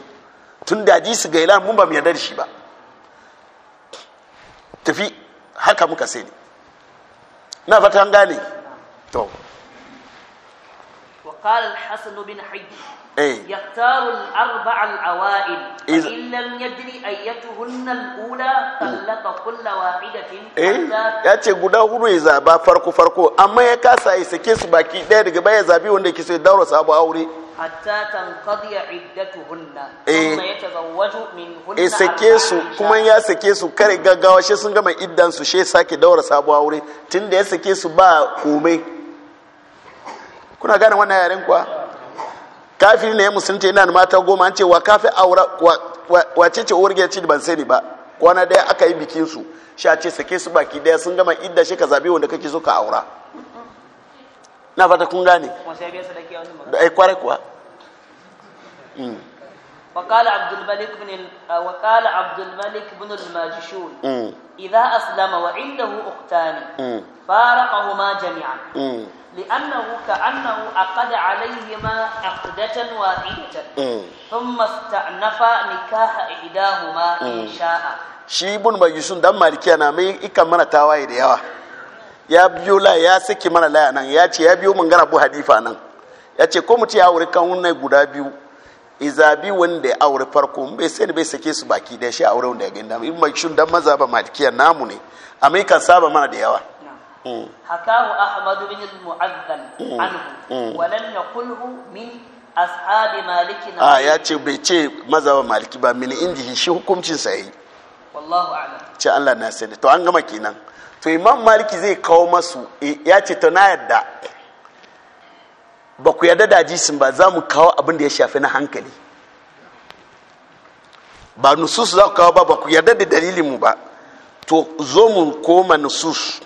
Speaker 1: tun da ji su gaila mun ba mu yarda da shi ba tafi haka muka sani na fata an gane to
Speaker 2: وقال الحسن بن يختار الأربع الأوائل فإن لم يدري أيتهن الأولى طلق كل واحدة ya
Speaker 1: ce guda hudu ya zaba farko farko amma ya kasa ya sake su baki daya daga baya zabi wanda ke so ya daura sabu aure
Speaker 2: hatta sake su
Speaker 1: kuma ya sake su kare gaggawa shi sun gama iddan su sake daura sabu aure tunda ya sake su ba komai kuna gane wannan yaren kuwa kafiri ne ya musulunta yana da mata goma an ce wa kafi aura wace ce uwar ban sani ba kwana daya aka yi bikin su sha ce sake su baki daya sun gama idda shi ka zabe wanda kake so ka aura na fata kun gane ai eh, kware kuwa hmm.
Speaker 2: وقال عبد الملك بن وقال عبد الملك بن الماجشون إذا أسلم وعنده أختان فارقهما جميعا لأنه كأنه عقد عليهما عقدة واحدة ثم استأنف نكاح إحداهما إن شاء
Speaker 1: shi ibn majishun dan malikiya na mai ikan mana tawaye da yawa ya biyo la ya saki mana laya nan ya ce ya biyo mun gara bu hadifa nan ya ce ko mutum ya wuri kan guda biyu izabi wanda ya aure farko bai sani bai sake su baki da shi aure wanda ya gani dama in makishun dan maza ba malikiya namu ne amma kan saba mana da yawa
Speaker 2: hakahu ahmad bin al-mu'azzan mm. anhu mm. wa lam yaqulhu min ashabi a ah, ya
Speaker 1: ce bai ce maza ba maliki ba min inji shi hukuncin sa yayi
Speaker 2: wallahu a'lam
Speaker 1: ce Allah na sani to an gama kenan to imam maliki zai kawo masu ya ce to na yadda ba ku yarda da hadisin ba za mu kawo abin da ya shafi na hankali ba nusus za ku kawo ba ba ku yarda da dalilin mu ba to zo mu koma nusus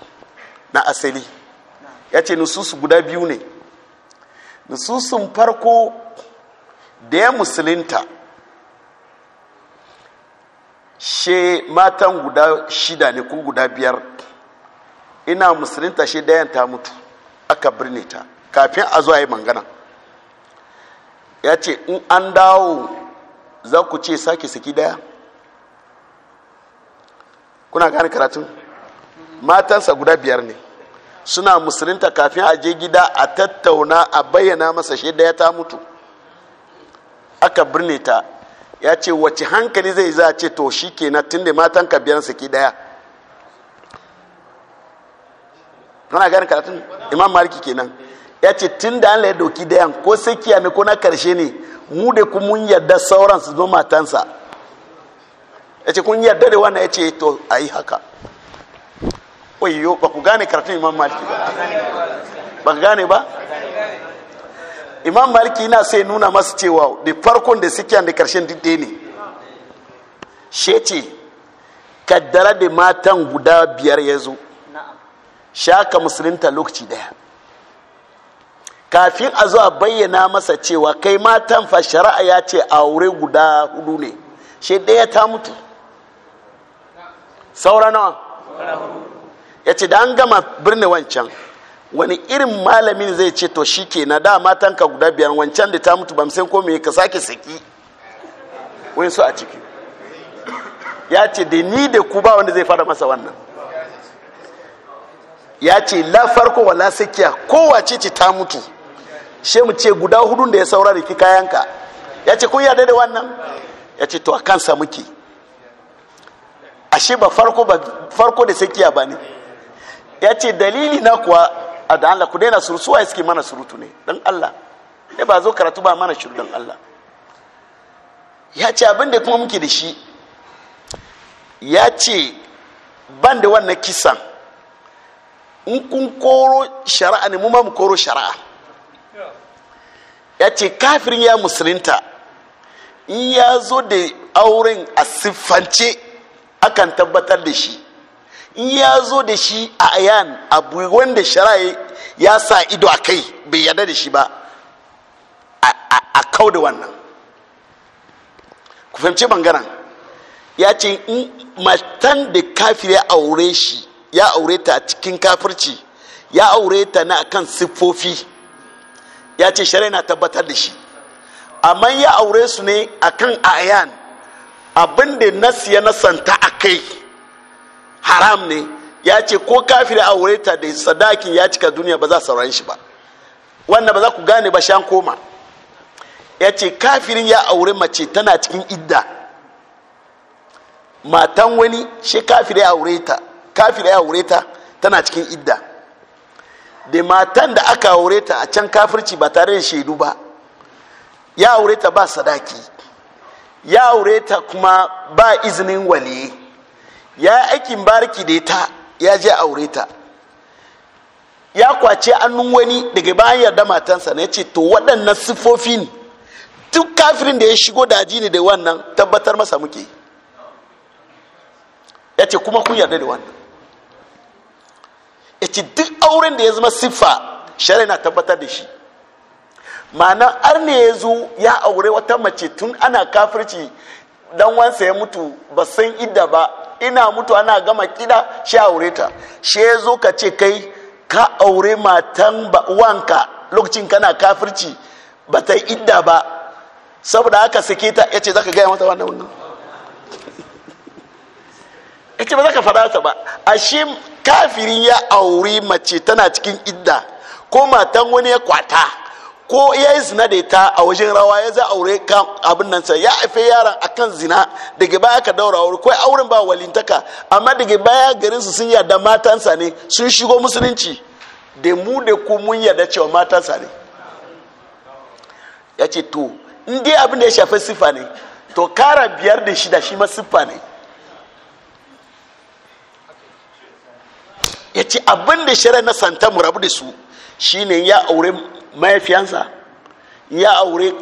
Speaker 1: na asali ya ce nusus guda biyu ne nususun farko da ya musulunta she matan guda shida ne ko guda biyar ina musulunta she dayan ta mutu aka birne ta kafin a zuwa yi mangana ya ce in an dawo za ku ce sake saki daya kuna gane karatun matansa guda biyar ne suna musulinta kafin a je gida a tattauna a bayyana masa shi daya ta mutu aka birne ta ya ce wace hankali zai za ce to shi ke na tun da matan ka biyar saki daya kana gane karatun imam maliki kenan ya ce tun da an ya doki dayan ko sakiya ne ko na karshe ne mu da ku mun yarda sauran su zo matansa ya ce kun yarda da wannan ya ce to a yi haka oyo ba ku gane karatun imam maliki ba ba ku gane ba imam maliki na sai nuna masu cewa da farkon da sakiya da karshen dide ne she ce kaddara da matan guda biyar ya zo shaka musulunta lokaci daya kafin a zuwa bayyana masa cewa kai matan fa shari'a ya ce aure guda hudu ne shi ɗaya ta mutu saura nawa ya ce da an gama birni wancan wani irin malamin zai ce to shi ke na da matan ka guda biyar wancan da ta mutu bamsin ko mai ka sake saki wani su a ciki ya ce da ni da ku ba wanda zai fara masa wannan ya ce la farko wala sakiya kowace ce ta mutu she mu ce guda hudu da ya saura da ki kayanka ya ce kun yarda da wannan ya ce to a kansa muke ashe ba farko ba farko da sakiya ba ne ya ce dalili na kuwa a da Allah ku daina surutu wa suke mana surutu ne dan Allah ne ba zo karatu ba mana shiru dan Allah ya ce abin da kuma muke da shi ya ce ban da wannan kisan in kun koro shari'a ne mu ma mu koro shari'a ya ce kafirin ya musulunta in ya zo da auren a siffance akan tabbatar da shi in ya zo da shi a ayan abu wanda shara'i ya sa ido a kai bai yarda da shi ba a kau da wannan ku fahimci bangaren ya ce matan da kafir ya aure shi ya aure ta a cikin kafirci ya aure ta na kan siffofi ya ce shari'a na tabbatar da shi amma ya aure su ne a kan ayan abinda da nasi ya nasanta a kai haram ne ya ce ko kafir aure ta da sadakin ya cika duniya ba za sauran shi ba wannan ba za ku gane ba shan koma ya ce kafirin ya aure mace tana cikin idda matan wani shi kafin ya aure ta tana cikin idda da matan da aka aure ta a can kafirci ba tare da shaidu ba ya aure ta ba sadaki ya aure ta kuma ba izinin waliye ya aikin bariki da ta ya je aure ta ya kwace annun wani daga bayan yarda matansa na ce to waɗannan sifofin duk kafirin da ya shigo daji ne da wannan tabbatar masa muke ya ce kuma kun yarda da wannan ya duk auren da ya zama siffa shari'a na tabbatar da shi ma'ana ar ne ya zo ya aure wata mace tun ana kafirci dan wansa ya mutu ba san idda ba ina mutu ana gama kida shi aure ta shi ya zo ka ce kai ka aure matan wanka lokacin kana kafirci ba ta yi idda ba saboda haka sake ta ya ce za ka gaya mata wannan wannan ya ce ba za ka fada ta ba ashe kafiri ya auri mace tana cikin idda ko matan wani ya kwata ko ya yi zina da ita a wajen rawa ya za aure kan abin nan sa ya haife yaran akan zina daga baya ka daura aure ko auren ba walintaka amma daga baya garin su sun yarda matansa ne sun shigo musulunci da mu da ku mun yarda cewa matansa ne ya to in dai abin da ya shafi sifa ne to kara biyar da shida shi ma sifa ne ya ci abin da shari'a na santa mu rabu da su shine ya aure mahaifiyansa ya aure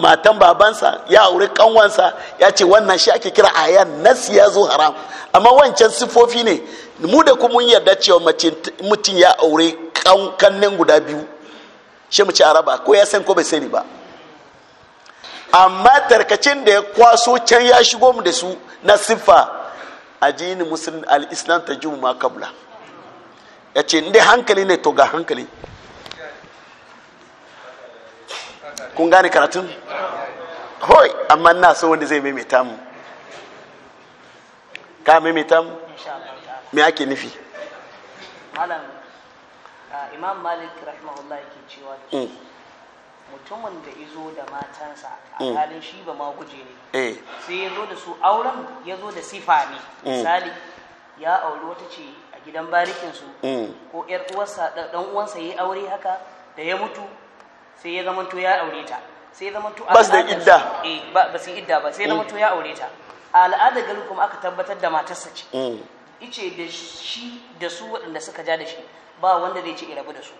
Speaker 1: matan babansa ya aure kanwansa ya ce wannan shi ake kira ayan nasi ya zo haram amma wancan sifofi ne mu da kuma mun yarda cewa mutum ya aure kannin guda biyu shi mu ci araba ko ya san ko bai sani ba amma tarkacin da ya kwaso can ya shigo mu da su na siffa ajini muslim al-islam ta ma kabla ya ce inda hankali ne to ga hankali kun gane karatun hoi amma na so wanda zai maimaita mu ka maimaita mu me ake nufi
Speaker 2: malam imam malik rahimahullah yake cewa da mm. mutumin da izo da matansa a mm. halin shi ba ma guje ne eh. sai ya zo da su auren ya zo da sifa ne mm. misali ya auri wata ce gidan barikinsu mm. ko yar uwarsa dan uwansa yayi aure haka da ya mutu sai ya zamanto ya aure ta sai ya zamanto ba su da idda eh ba su idda ba sai ya mm. zamanto ya aure ta a al'adar garin kuma aka tabbatar da matarsa ce mm. ice da shi da su waɗanda suka ja da shi ba wanda zai ce rabu da su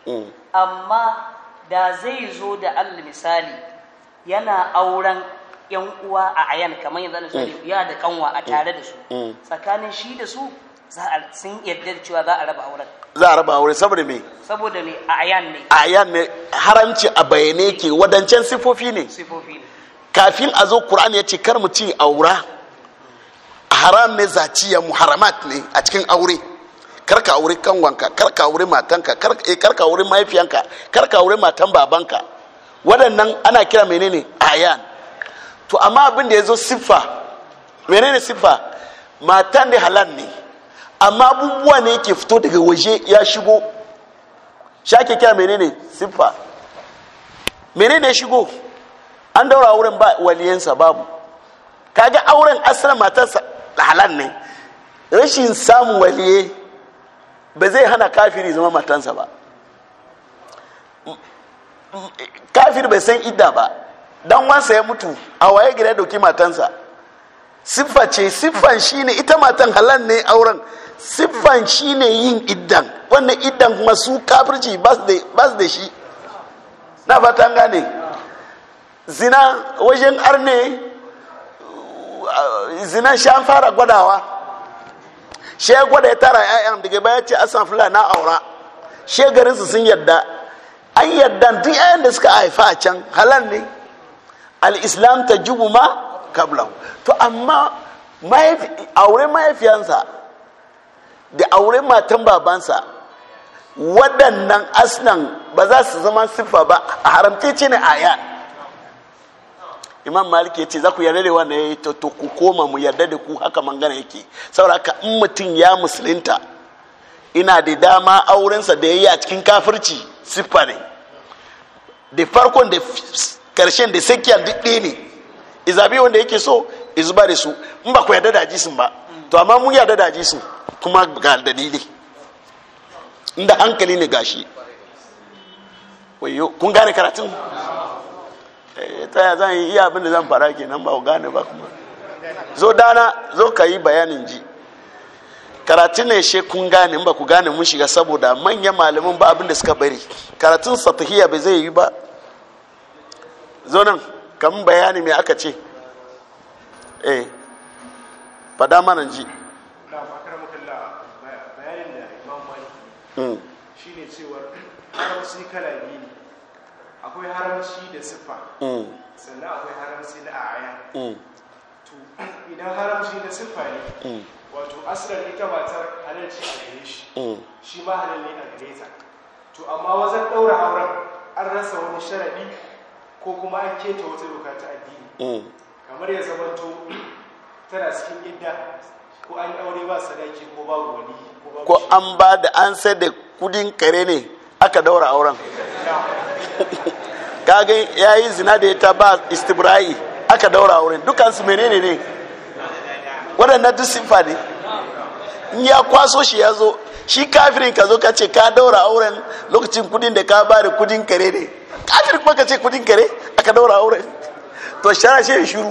Speaker 2: amma da zai zo da al misali yana auren yan uwa a ayan kamar yanzu ya da kanwa a tare da su tsakanin shi da su sun yarda cewa za a raba auren
Speaker 1: za a raba saboda me
Speaker 2: saboda me a ayan ne
Speaker 1: a ayan ne haramci a bayane ke wadancan sifofi ne sifofi ne kafin a zo qur'ani ya ce kar mu ci aura haram ne zaciya muharamat ne a cikin aure kar ka aure wanka kar ka aure matanka kar eh, ka aure mahaifiyanka kar ka aure matan babanka waɗannan ana kira menene ayan to amma abin da ya zo siffa menene siffa matan da halal ne amma abubuwa ne yake fito daga waje ya shigo ake kya menene siffa menene ya shigo an daura auren ba waliyansa babu kaga auren asirin matarsa halal ne rashin samun waliye ba zai hana kafiri zama matansa ba kafir bai san idda ba dan wansa ya mutu a waye gida dauki matansa siffa ce siffan shine ita matan halal ne auren siffan shi ne yin idan wannan idan kuma su kafirci ba su da shi na fata gane zina wajen arne uh, zina sha fara gwadawa shi ya gwada ya tara 'ya'yan daga baya ce asan fula na aura shi garinsu sun yadda an yadda duk 'ya'yan da suka haifa a can halal ne al-islam ta jubu ma kablahu to amma aure mahaifiyansa da aure matan babansa waɗannan asnan ba za su zama siffa ba a haramce ce ne aya imam malik ya ce za ku yarda da wanda ya yi to ku koma mu yarda da ku haka mangana yake saboda haka in mutum ya musulunta ina da dama aurensa da ya yi a cikin kafirci siffa ne da farkon da karshen da sakiyar duk ɗaya ne izabi wanda yake so izuba da su in ba ku yarda da ajisun ba to amma mun yarda da ajisun kuma ga dalili inda hankali ne gashi wayo kun gane karatun eh, tsaya zan yi iya abin da zan fara nan ba ku gane ba kuma zo dana zo ka yi bayanin ji karatun ne she kun gane ba ku gane mun shiga saboda manyan malamin ba abin da suka bari karatun satahiyya bai zai yi ba zo nan kamun bayani mai aka ce eh fada mana ji Hmm. shine cewar haramci kala biyu ne akwai haramci da siffa hmm. sannan akwai haramci na aya hmm. to idan haramci na siffa ne wato asirar ita matar halarci a gare shi shi ma ne a gare ta to amma wajen ɗaura auren an rasa wani sharaɗi ko kuma an keta wata doka ta addini kamar ya zamanto tana cikin idda ko an aure ba sadaki ko ba wani ko an ba da an sai da kudin kare ne aka daura auren kaga ya yi zina da ta ba istibra'i aka daura auren dukansu menene ne waɗannan duk simfa ne in ya kwaso shi ya zo shi kafirin ka zo ka ce ka daura auren lokacin kudin da ka ba da kudin kare ne kafir kuma ka ce kudin kare aka daura auren to shara shi shiru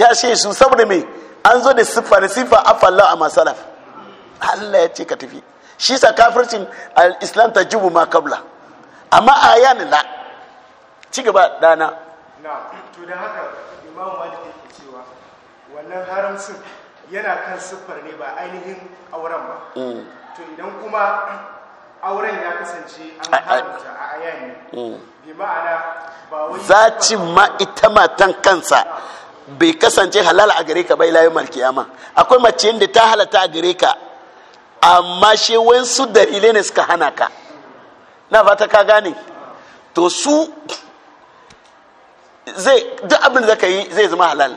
Speaker 1: shara shi su saboda me an zo da siffa da siffa afalla a masalaf Allah ya ce ka tafi shi sa kafircin al-islam ta jubu ma kabla amma a yana la ci gaba dana na to da haka imamu malik ke cewa wannan haramcin yana kan siffar ne ba ainihin auren ba mm. to idan kuma auren ya kasance an haramta a ayani mm. bi ma'ana ba wai za ci ma ita matan kansa bai kasance halal a gare ka bai layu malkiyama akwai mace da ta halata a gare ka amma shi su dalilai ne suka hana ka na fata ka gane to su zai duk abin da ka yi zai zama halal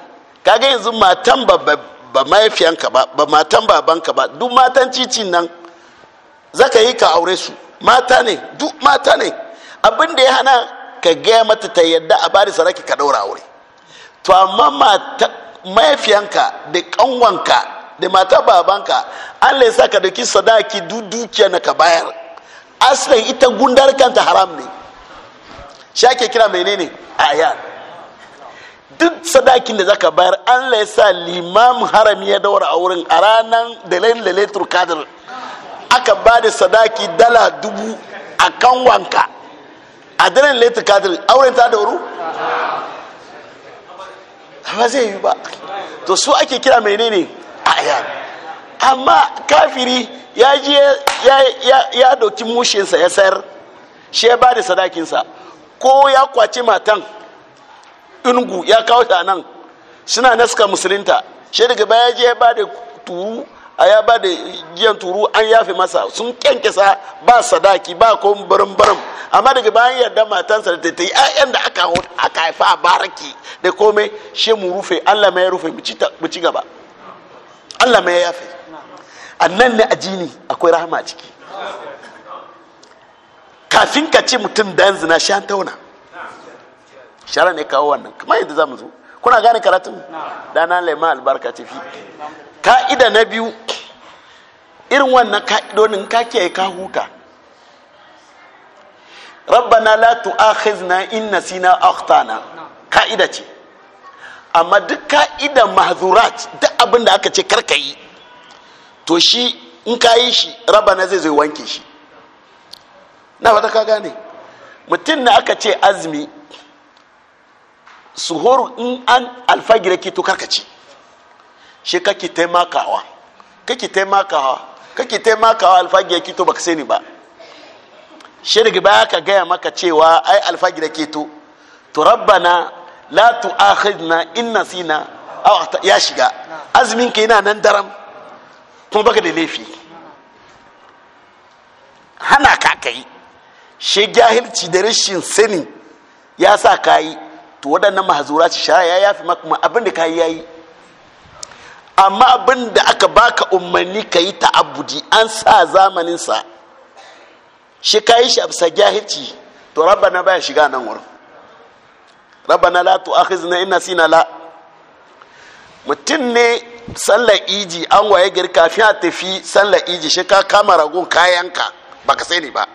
Speaker 1: kaga yanzu matan ba mahaifiyanka ba ba matan babanka ba duk matan cicin nan zaka yi ka aure su mata ne duk mata ne abin da ya hana ka gaya mata ta yadda a bari saraki ka daura aure to amma mafiyanka da kanwanka da mata babanka an laisa ka dauki sadaki dukiya na ka bayar asalin ita gundar kanta haram ne shi ake kira menene aya duk sadakin da zaka bayar an laisa limam harami ya daura a wurin a ranar da lailatul qadr aka ba da sadaki dala dubu a kanwanka a dalilin lailatul qadr auren ta dauru ba zai yi ba to su ake kira menene aya amma kafiri ya je ya doki mushinsa ya sayar shi ya ba da sadakinsa ko ya kwaci matan ingu ya kawo ta nan suna naska musulinta shi daga baya je ya ba da turu a ya ba da giyan turu an yafe masa sun kyankyasa ba sadaki ba ko barin barin amma daga bayan yadda matansa da ta yi ayan da aka haifa a baraki da komai shi mu rufe Allah mai rufe mu ci gaba Allah mai yafe annan ne ajini akwai rahama a ciki kafin ka ce mutum dan zina shan tauna shara ne kawo wannan kamar yadda za mu zo kuna gane karatun dana lema albarka tafi ka'ida na biyu irin wannan ka'idonin ka kiyaye ka huta rabbana la tu'akhizna in nasina akhtana ka'ida ce amma duk ka'idan mahzurat duk abin da aka ce karka yi to shi in ka yi shi rabbana zai zai wanke shi na fata ka gane mutum na aka ce azumi suhuru in an alfagir ki to karkaci shi kake taimakawa kake taimakawa kake taimakawa alfagi ya kito baka sani ba shi daga baya ka gaya maka cewa ai alfagi da keto to rabbana la tu'akhidna in nasina aw ya shiga azumin ka yana nan daram kuma baka da laifi hana ka kai shi jahilci da rashin sani ya sa ka yi to waɗannan mahazura ci shara ya yafi maka kuma abin da ka yayi amma abin da aka baka umarni ka yi ta'abudi an sa zamaninsa shi ka yi shi a bisa jahilci to rabbana baya shiga nan wurin rabbana la tu'akhizna ina sina la mutum ne sallar iji an waye gari kafin a tafi sallar iji shi ka kama ragun kayanka ka sai ne ba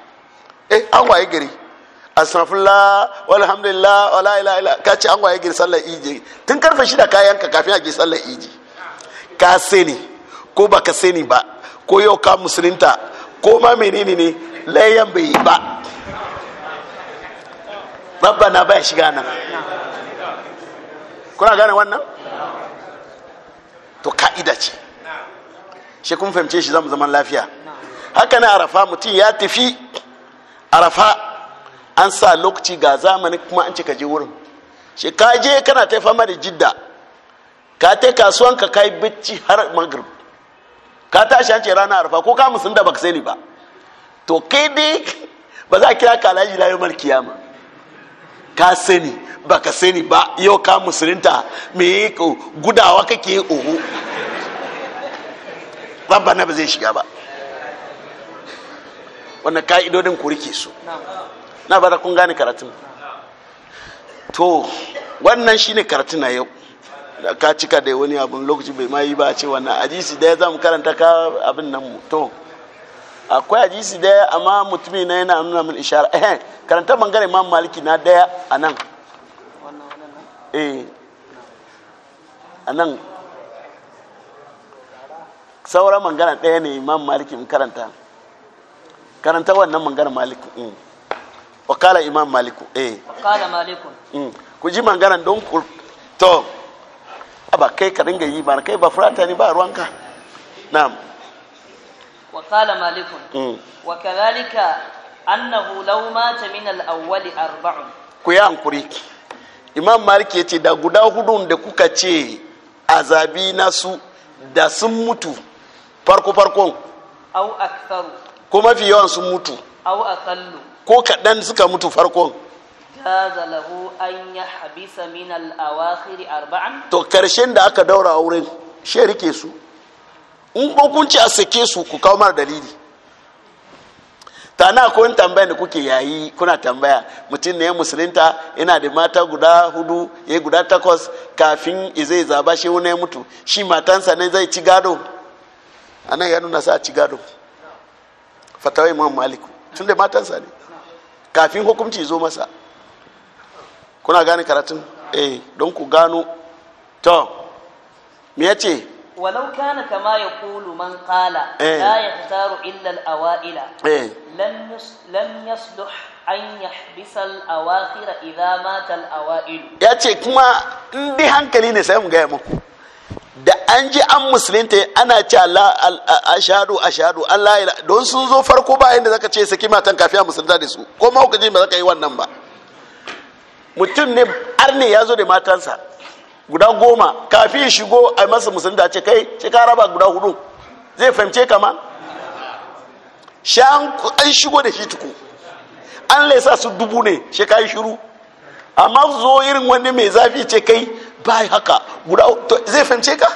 Speaker 1: eh an waye gari asrafullah walhamdulillah wala ila ila ka ce an waye gari sallar iji tun karfe shida kayanka kafin a je sallar iji ka sani ko ba ka sani ba ko yau ka musulunta ko ma menene ne layan bai yi ba na baya shiga nan kuna gane wannan to ka'ida ce shi kun fahimce shi zamu zaman lafiya haka na arafa mutum ya tafi arafa an sa lokaci ga zamani kuma an cika je wurin shi ka je kana taifa fama da jidda ka ta kasuwan ka kai bacci har magrib ka tashi an ce rana arfa ko ka musun da baka sani ba to kai dai ba za a kira ka alhaji layo kiyama ka sani baka sani ba yau ka musulunta me gudawa kake oho na ba zai shiga ba wannan ka'idodin ku rike su na ba da kun gane karatun to wannan shine karatun na yau ka cika da wani abin lokaci bai ma yi ba ce wannan hadisi daya za mu karanta ka abin nan to akwai hadisi daya amma mutumi na yana nuna min ishara eh karanta bangare imam maliki na daya a nan eh a nan sauran mangana daya ne imam maliki in karanta karanta wannan mangana maliki in mm. wakala imam maliku eh
Speaker 2: wakala maliku
Speaker 1: mm. ku ji mangana don to ba kai ka dinga yi ba kai ba furata ne ba ruwanka na'am
Speaker 2: wa qala malikun mm. wa kadhalika annahu law mata min al-awwal arba'un
Speaker 1: ku ya hankuri imam malik ya ce da guda hudun da kuka ce azabi nasu da sun mutu farko farkon
Speaker 2: au aktharu
Speaker 1: ko mafi yawan sun mutu
Speaker 2: au aqallu
Speaker 1: ko kaɗan suka mutu farkon
Speaker 2: jaza lahu an ya habisa min al arba'an
Speaker 1: to karshen da aka daura a wurin she rike su in hukunci a sake su ku kawo mara dalili ta na akwai tambaya da kuke yayi kuna tambaya mutum ne ya musulunta yana da mata guda hudu ya guda takwas kafin zai zaba shi wani ya mutu shi matansa ne zai ci gado a nan ya nuna sa ci gado fatawai imam maliku tun da matansa ne kafin hukunci zo masa kuna gane karatun eh don ku gano to me yace
Speaker 2: ولو كان كما يقول من قال ya لا يختار إلا awaila lan لم يص... لم يصلح أن يحبس الأواخر إذا مات الأوائل
Speaker 1: kuma in دي hankali ne sai mu ga muku da an ji an musulunta ana ce Allah ashadu ashadu Allah ila don sun zo farko bayan da zaka ce saki matan kafiya musulunta da su ko ma kuka ji ba zaka yi wannan ba mutum ne arne ya zo da matansa guda goma kafin shigo a masa musulunta ce kai ce ka raba guda hudu zai fahimce kama an shigo da shi tuku an laisa su dubu ne shi ka yi shiru amma zo irin wani mai zafi ce kai bai haka guda zai fahimce ka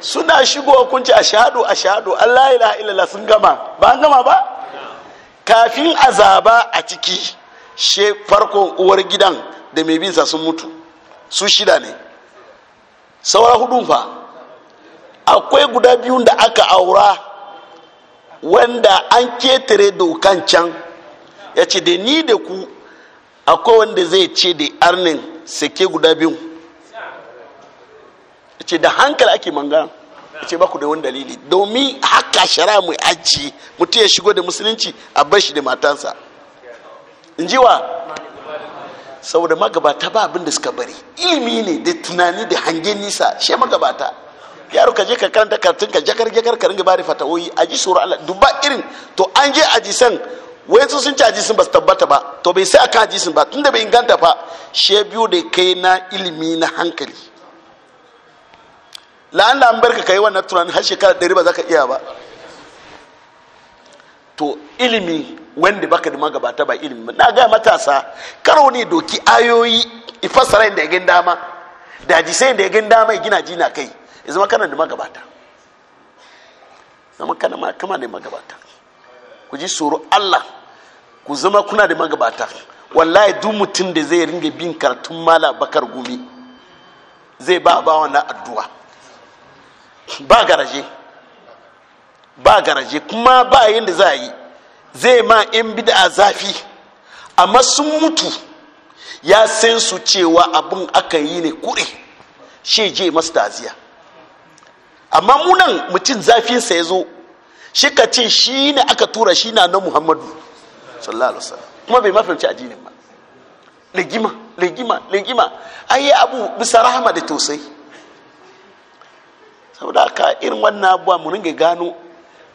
Speaker 1: suna shigo kunci a shahadu a shahadu allah ila ilala sun gama ba an gama ba kafin azaba a ciki she farkon uwar gidan da mai binsa sun mutu su shida ne saura hudun fa akwai guda biyun da aka aura wanda an ketare dokan can ya ce da ni da ku akwai wanda zai ce da arnin sake guda biyun ya ce da hankali ake manga ya ce baku da wani dalili domin haka shara mai ajiye mutum ya shigo da musulunci a bashi da matansa in ji wa saboda magabata ba abin da suka bari ilimi ne da tunani da hange nisa she magabata yaro ka je ka karanta kartun ka jakar jakar ka ringa bari fatawoyi a ji tsoron Allah dubba irin to an je a san wai sun ci ajisin ba su tabbata ba to bai sai akan ajisin ba tunda bai inganta fa she biyu da kai na ilimi na hankali la'an la'an barka kai wannan tunanin har shekara 100 ba za ka iya ba to ilimi wanda baka da magabata ba ilimi na ga matasa karo ne doki ayoyi ifasara inda ya gin dama da hadisai inda ya gin dama ya gina jina kai ya zama kana da magabata zama kana ma kama da magabata ku ji tsoro Allah ku zama kuna da magabata wallahi duk mutum da zai ringa bin karatun mala bakar gumi zai ba ba wannan addu'a ba garaje ba garaje kuma ba da za a yi zai ma in bid'a zafi amma sun mutu ya san su cewa abin aka yi ne kure shi je masu taziya amma munan mutum zafinsa ya zo shi ka ce shi ne aka tura shi na na muhammadu sallallahu alaihi kuma bai mafimci addinin ba legima legima an yi abu bisa rahama da tosai saboda ka irin wannan abuwa mu ringa gano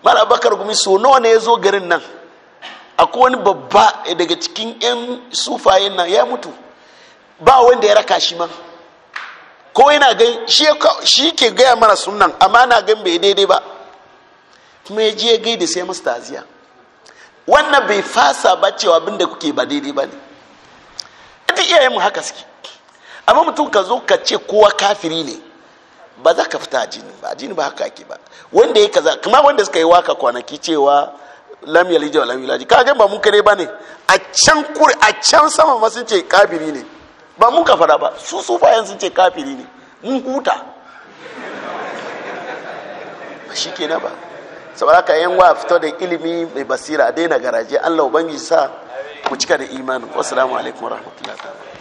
Speaker 1: mala bakar gumi so nawa ne ya zo garin nan akwai wani babba daga cikin 'yan sufayen nan ya mutu ba wanda ya raka shi ma ko yana gan shi ke gaya mara sunan amma na gan bai daidai ba kuma ya je ya gaida sai masu taziya wannan bai fasa ba cewa abin da kuke ba daidai ba ne duk iyayenmu haka suke amma mutum ka zo ka ce kowa kafiri ne ba za ka fita a jini ba a jini ba haka ke ba wanda ya kaza kuma wanda suka yi waka kwanaki cewa lam yalija wa lam yulaji kaga ba mu kare ba ne a can kuri a can sama ma sun ce kafiri ne ba mun ka fada ba su su bayan sun ce kafiri ne mun huta ba shi kenan ba saboda ka yan wa fito da ilimi mai basira daina garaje Allah ubangiji sa ku cika da imani wassalamu alaikum warahmatullahi ta'ala